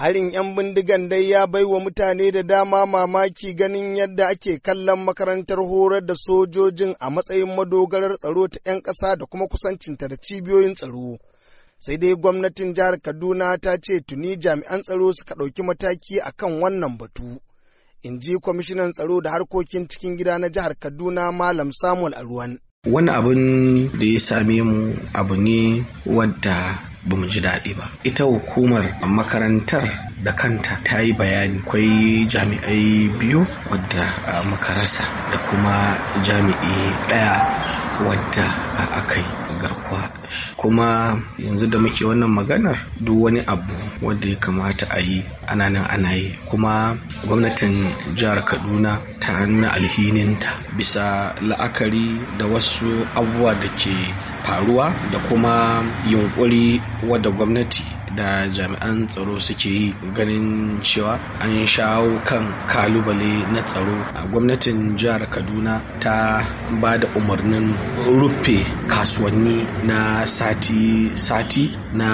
harin 'yan bindigan dai ya bai wa mutane da dama mamaki ganin yadda ake kallon makarantar horar da sojojin a matsayin madogarar tsaro ta 'yan ƙasa da kuma kusancinta da cibiyoyin tsaro. Sai dai gwamnatin jihar Kaduna ta ce tuni jami'an tsaro suka ɗauki mataki a kan wannan batu. In ji kwamishinan tsaro da harkokin cikin gida na jihar Kaduna Malam Samuel Aruwan. Wani abin da ya same mu abu ne wadda ba mu ji daɗi ba ita hukumar makarantar da kanta ta yi bayani kwai jami'ai biyu wadda muka da kuma jami'i ɗaya wadda aka yi garkuwa kuma yanzu da muke wannan maganar duk wani abu wanda ya kamata a yi ana nan ana yi kuma gwamnatin jihar kaduna ta nuna alhininta bisa la'akari da wasu abubuwa da ke faruwa da kuma yunkuri wadda gwamnati da jami'an tsaro suke yi ganin cewa an shawo kan kalubale na tsaro a gwamnatin jihar kaduna ta ba da umarnin rufe kasuwanni na sati-sati na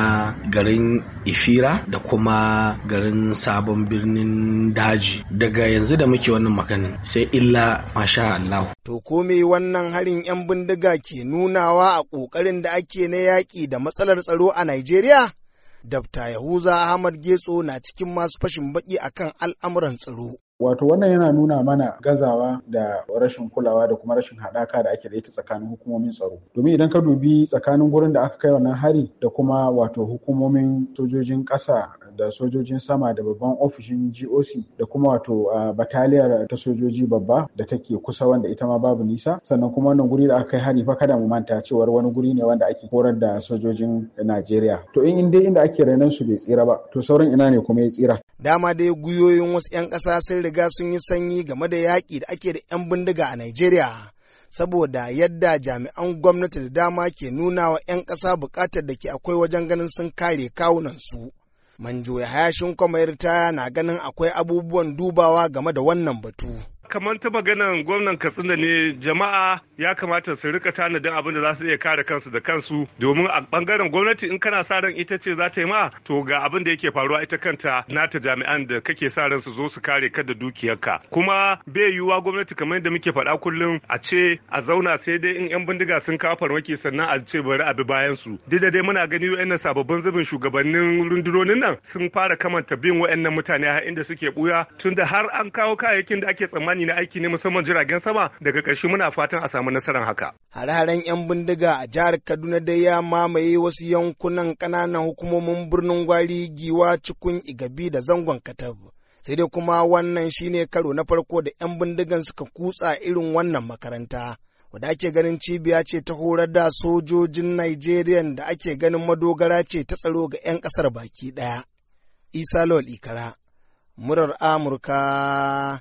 garin ifira da kuma garin sabon birnin daji daga yanzu da muke wannan maganin sai illa masha Allah. To komai wannan harin 'yan bindiga ke nunawa a ƙoƙarin da ake na yaƙi da matsalar tsaro a Najeriya? Dabta Yahuza Ahmad Getso na cikin masu fashin baki kan al'amuran tsaro. Wato wannan yana nuna mana gazawa da rashin kulawa da kuma rashin haɗaka da ake da ita tsakanin hukumomin tsaro. Domin idan ka dubi tsakanin gurin da aka kai wannan hari da kuma wato hukumomin sojojin ƙasa da sojojin sama da babban ofishin GOC da kuma wato bataliyar ta sojoji babba da take kusa wanda ita ma babu nisa sannan kuma wannan guri da aka kai hari fa kada mu manta cewa wani guri ne wanda ake horar da sojojin Najeriya to in inda inda ake rainan su bai tsira ba to sauran ina ne kuma ya tsira dama dai guyoyin wasu 'yan kasa sun riga sun yi sanyi game da yaƙi da ake da 'yan bindiga a Najeriya. saboda yadda jami'an gwamnati da dama ke nuna wa 'yan kasa buƙatar da ke akwai wajen ganin sun kare kawunansu. manjo ya hayashin kwamayar ta na ganin akwai abubuwan dubawa game da wannan batu. kamar ta maganan gwamnan katsina ne jama'a ya kamata su rika tanadin abin da za su iya kare kansu da kansu domin a bangaren gwamnati in kana sa ran ita ce za ta yi ma to ga abin da yake faruwa ita kanta nata jami'an da kake sa ran su zo su kare ka da dukiyarka kuma bai yiwuwa gwamnati kamar yadda muke faɗa kullum a ce a zauna sai dai in yan bindiga sun kawo farmaki sannan a ce bari a bi bayan su duk da dai muna gani na sababbin zubin shugabannin rundunonin nan sun fara kamanta bin wa'annan mutane har inda suke buya tunda har an kawo kayayyakin da ake tsammani na aiki ne musamman jiragen sama daga ƙarshe muna fatan a samu nasarar haka. Hare-haren 'yan bindiga a jihar Kaduna dai ya mamaye wasu yankunan ƙananan hukumomin birnin Gwari, Giwa, Cikun, Igabi da zangon katab Sai dai kuma wannan shine karo na farko da 'yan bindigan suka kutsa irin wannan makaranta. wadda ake ganin cibiya ce ta horar da sojojin Najeriya da ake ganin madogara ce ta tsaro ga 'yan ƙasar baki ɗaya. Isa Lol Ikara, murar Amurka